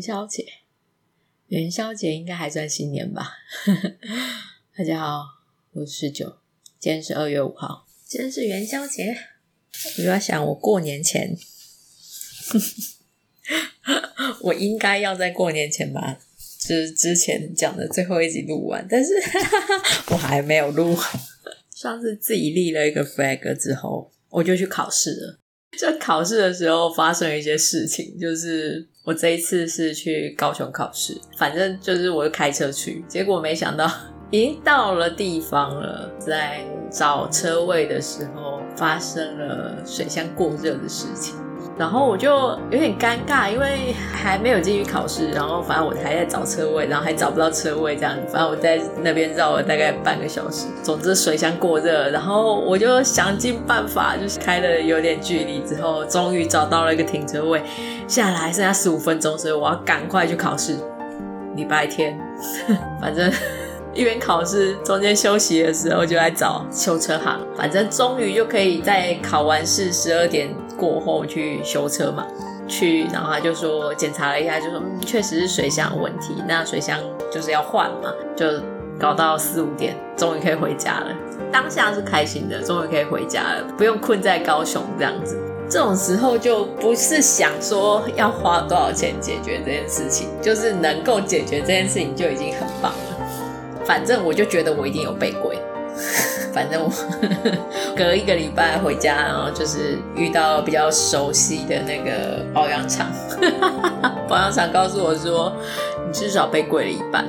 元宵節，元宵節應該還算新年吧。 大家好，我是十九，今天是二月五號，今天是元宵節。我就在想，我過年前， 我應該要在過年前吧，就是之前講的最後一集錄完，但是 我還沒有錄。 上次自己立了一個 flag 之後，我就去考試了。在考試的時候發生一些事情，就是。我這一次是去高雄考試，反正就是我就開車去，結果沒想到已經到了地方了，在找車位的時候發生了水箱過熱的事情。然後我就有點尷尬，因為還沒有進去考試。然後反正我還在找車位，然後還找不到車位，這樣子反正我在那邊繞了大概半個小時。總之水箱過熱，然後我就想盡辦法，就是開了有點距離之後，終於找到了一個停車位。下來剩下十五分鐘，所以我要趕快去考試。禮拜天，反正。一邊考試，中間休息的時候就在找修車行，反正終於就可以在考完試十二點過後去修車嘛，去，然後他就說檢查了一下，就說嗯，確實是水箱有問題，那水箱就是要換嘛，就搞到四五點，終於可以回家了。當下是開心的，終於可以回家了，不用困在高雄這樣子。這種時候就不是想說要花多少錢解決這件事情，就是能夠解決這件事情就已經很棒。反正我就覺得我一定有被貴，反正我隔一個禮拜回家，然後就是遇到了比較熟悉的那個保養廠，保養廠告訴我說，你至少被貴了一半，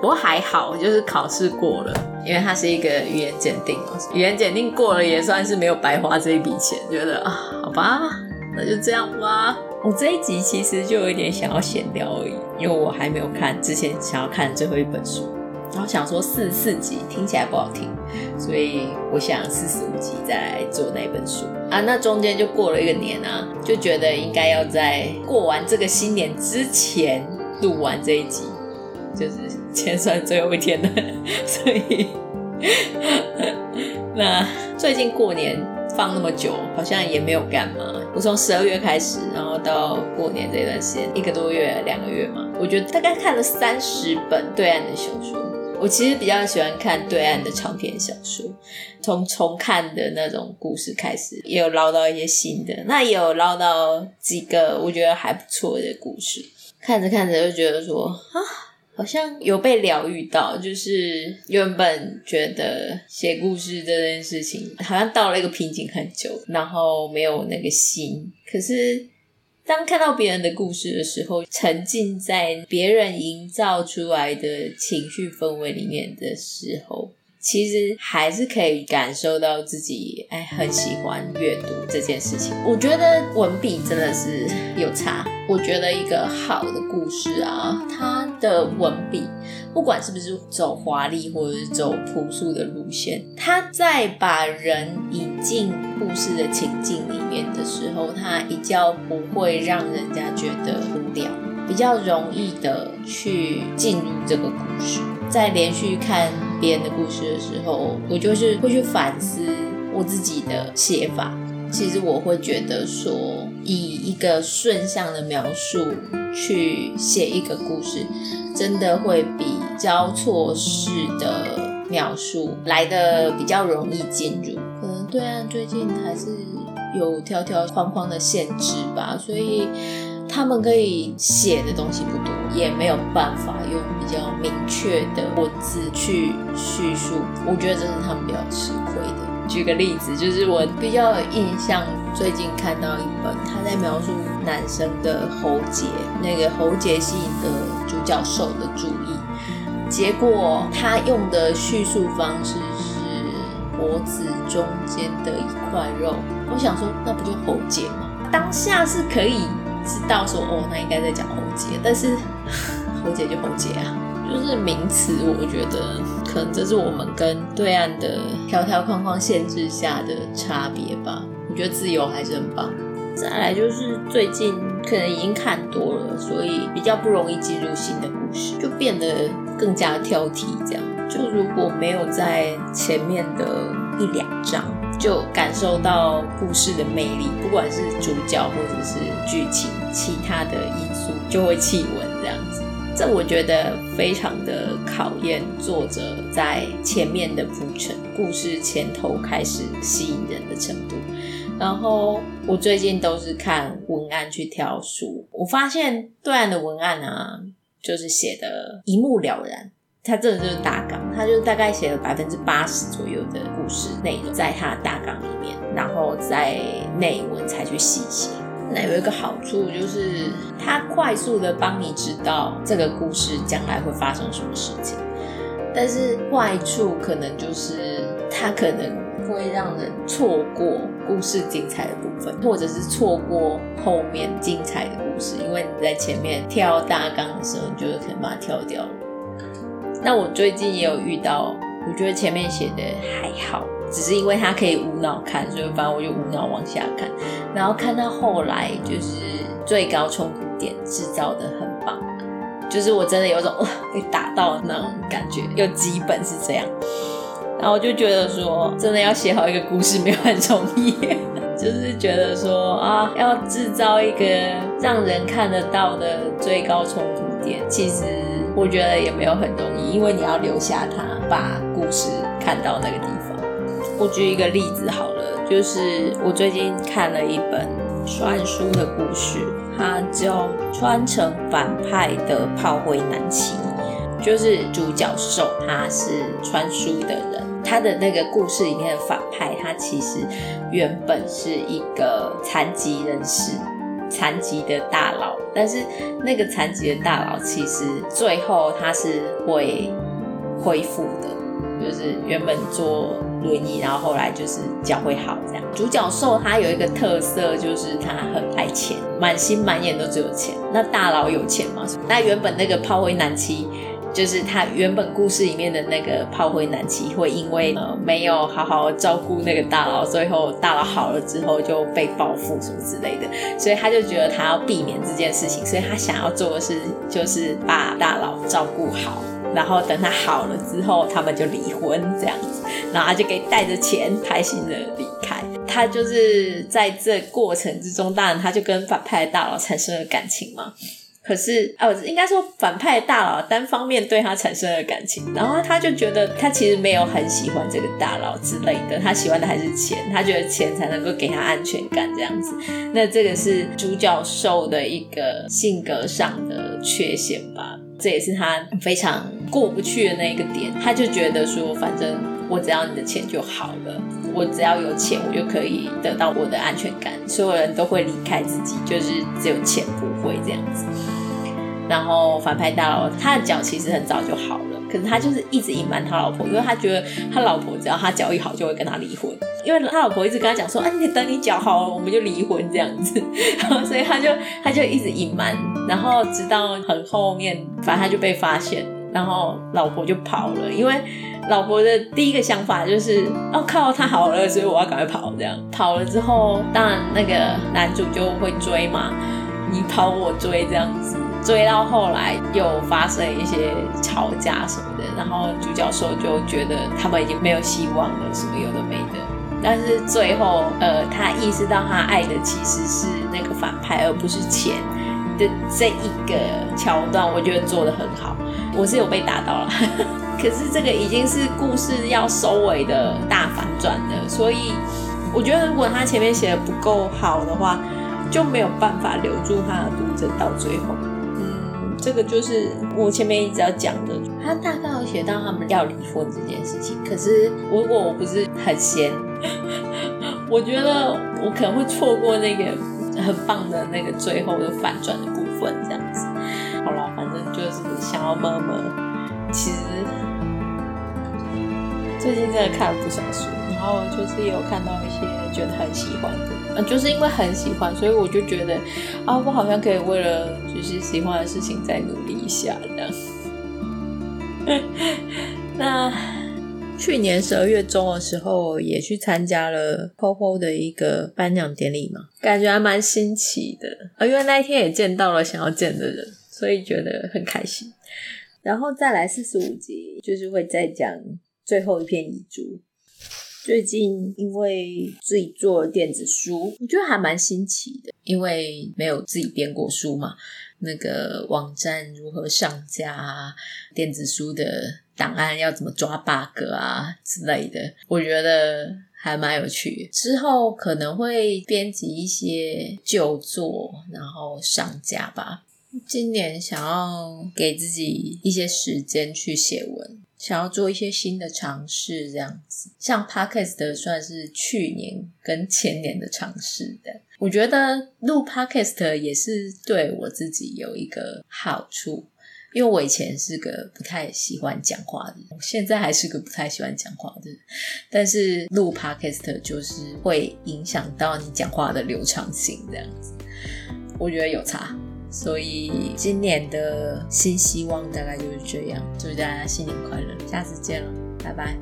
不過還好，就是考試過了，因為它是一個語言檢定，語言檢定過了也算是沒有白花這一筆錢，覺得啊，好吧，那就這樣吧。我、哦，這一集其實就有一點想要閒聊而已，因為我還沒有看之前想要看的最後一本書，然後想說四十四集聽起來不好聽，所以我想四十五集再來做那一本書啊，那中間就過了一個年啊，就覺得應該要在過完這個新年之前錄完這一集，就是先算最後一天的， 所以 那最近過年。放那麼久，好像也沒有幹嘛。我從十二月開始，然後到過年這段時間，一個多月、兩個月嘛，我覺得大概看了三十本對岸的小說。我其實比較喜歡看對岸的長篇小說，從重看的那種故事開始，也有撈到一些新的，那也有撈到幾個我覺得還不錯的故事。看着看着就覺得說，啊。好像有被療癒到，就是原本覺得寫故事這件事情好像到了一個瓶頸很久，然後沒有那個心。可是當看到別人的故事的時候，沉浸在別人營造出來的情緒氛圍裡面的時候。其實還是可以感受到自己哎，很喜歡閱讀這件事情。我覺得文筆真的是有差。我覺得一個好的故事啊，它的文筆不管是不是走華麗或者是走樸素的路線，它在把人引進故事的情境裡面的時候，它比較不會讓人家覺得無聊，比較容易的去進入這個故事。再連續看。編的故事的時候，我就是會去反思我自己的寫法。其實我會覺得說，以一個順向的描述去寫一個故事，真的會比交錯式的描述來得比較容易進入。可能對岸，最近還是有條條框框的限制吧，所以。他們可以寫的東西不多，也沒有辦法用比較明確的文字去敘述。我覺得這是他們比較吃虧的。舉個例子，就是我比較有印象最近看到一本，他在描述男生的喉結，那個喉結吸引的主角受的注意。結果他用的敘述方式是脖子中間的一塊肉。我想說，那不就喉結嗎？當下是可以。知道說哦，他應該在講喉結，但是喉結就喉結啊，就是名詞。我覺得可能這是我們跟對岸的條條框框限制下的差別吧。我覺得自由還是很棒。再來就是最近可能已經看多了，所以比較不容易進入新的故事，就變得更加挑剔。這樣就如果沒有在前面的一兩章，就感受到故事的魅力，不管是主角或者是劇情，其他的因素就會棄文這樣子。這我覺得非常的考驗作者在前面的鋪陳，故事前頭開始吸引人的程度。然後我最近都是看文案去挑書，我發現對岸的文案啊，就是寫得一目了然。他真的就是大綱，他就大概寫了百分之八十左右的故事內容，在他的大綱裡面，然後在內文才去細寫。那有一個好處就是，它快速的幫你知道這個故事將來會發生什麼事情。但是壞處可能就是，它可能會讓人錯過故事精彩的部分，或者是錯過後面精彩的故事，因為你在前面跳大綱的時候，你就可能把它跳掉了。那我最近也有遇到，我覺得前面寫的還好，只是因為他可以無腦看，所以反正我就無腦往下看，然後看到後來就是最高衝突點製造的很棒，就是我真的有種被打到的那種感覺，有幾本是這樣，然後我就覺得說真的要寫好一個故事沒有很容易，就是覺得說啊要製造一個讓人看得到的最高衝突點，其實。我覺得也沒有很容易，因為你要留下他，把故事看到那個地方。嗯，我舉一個例子好了，就是我最近看了一本穿書的故事，它叫《穿成反派的炮灰男妻》，就是主角受他是穿書的人，他的那個故事裡面的反派，他其實原本是一個殘疾人士。殘疾的大佬，但是那個殘疾的大佬其實最後他是會恢復的，就是原本坐輪椅，然後後來就是腳會好這樣。主角獸它，有一個特色，就是他很愛錢，滿心滿眼都只有錢。那大佬有錢嗎？那原本那個炮灰男妻。就是他原本故事裡面的那個炮灰男妻，會因為呃沒有好好照顧那個大佬，最後大佬好了之後就被報復什麼之類的，所以他就覺得他要避免這件事情，所以他想要做的是就是把大佬照顧好，然後等他好了之後，他們就離婚這樣子，然後他就可以帶着錢開心的離開。他就是在這過程之中，當然他就跟反派的大佬產生了感情嘛。可是啊，應該說反派的大佬單方面對他產生了感情，然後他就覺得他其實沒有很喜歡這個大佬之類的，他喜歡的還是錢，他覺得錢才能夠給他安全感這樣子。那這個是朱教授的一個性格上的缺陷吧。這也是他非常過不去的那一個點，他就覺得說，反正我只要你的錢就好了，我只要有錢，我就可以得到我的安全感。所有人都會離開自己，就是只有錢不會這樣子。然後反派大佬他的腳其實很早就好了。可是他就是一直隱瞞他老婆，因為他覺得他老婆只要他腳一好就會跟他離婚，因為他老婆一直跟他講說，哎、啊，你等你腳好了，我們就離婚這樣子，然後所以他就他就一直隱瞞，然後直到很後面，反正他就被發現，然後老婆就跑了，因為老婆的第一個想法就是，哦靠，他好了，所以我要趕快跑，這樣跑了之後，當然那個男主就會追嘛，你跑我追這樣子。追到後來又發生一些吵架什麼的，然後主角受就覺得他們已經沒有希望了，什麼有的沒的。但是最後，呃，他意識到他愛的其實是那個反派，而不是錢的這一個橋段，我覺得做得很好，我是有被打到了。 可是這個已經是故事要收尾的大反轉了，所以我覺得如果他前面寫的不夠好的話，就沒有辦法留住他的讀者到最後。這個就是我前面一直要講的，他大概有寫到他們要離婚這件事情。可是如果我不是很閒，我覺得我可能會錯過那個很棒的那個最後的反轉的部分。這樣子，好啦，反正就是想要慢慢，其實最近真的看了不少書。然後就是也有看到一些覺得很喜歡的，嗯、呃，就是因為很喜歡，所以我就覺得啊，我好像可以為了就是喜歡的事情再努力一下這樣。 那去年十二月中的時候也去參加了 POPO 的一個頒獎典禮嘛，感覺還蠻新奇的啊，因為那一天也見到了想要見的人，所以覺得很開心。然後再來四十五集，就是會再講最後一篇遺囑。最近因為自己做電子書，我覺得還蠻新奇的，因為沒有自己編過書嘛。那個網站如何上架啊，電子書的檔案要怎麼抓 bug 啊之類的，我覺得還蠻有趣。之後可能會編輯一些舊作，然後上架吧。今年想要給自己一些時間去寫文。想要做一些新的嘗試，這樣子，像 podcast 算是去年跟前年的嘗試的。我覺得錄 podcast 也是對我自己有一個好處，因為我以前是個不太喜歡講話的人，我現在還是個不太喜歡講話的人。但是錄 podcast 就是會影響到你講話的流暢性，這樣子，我覺得有差。所以今年的新希望大概就是這樣，祝大家新年快樂，下次見了，拜拜。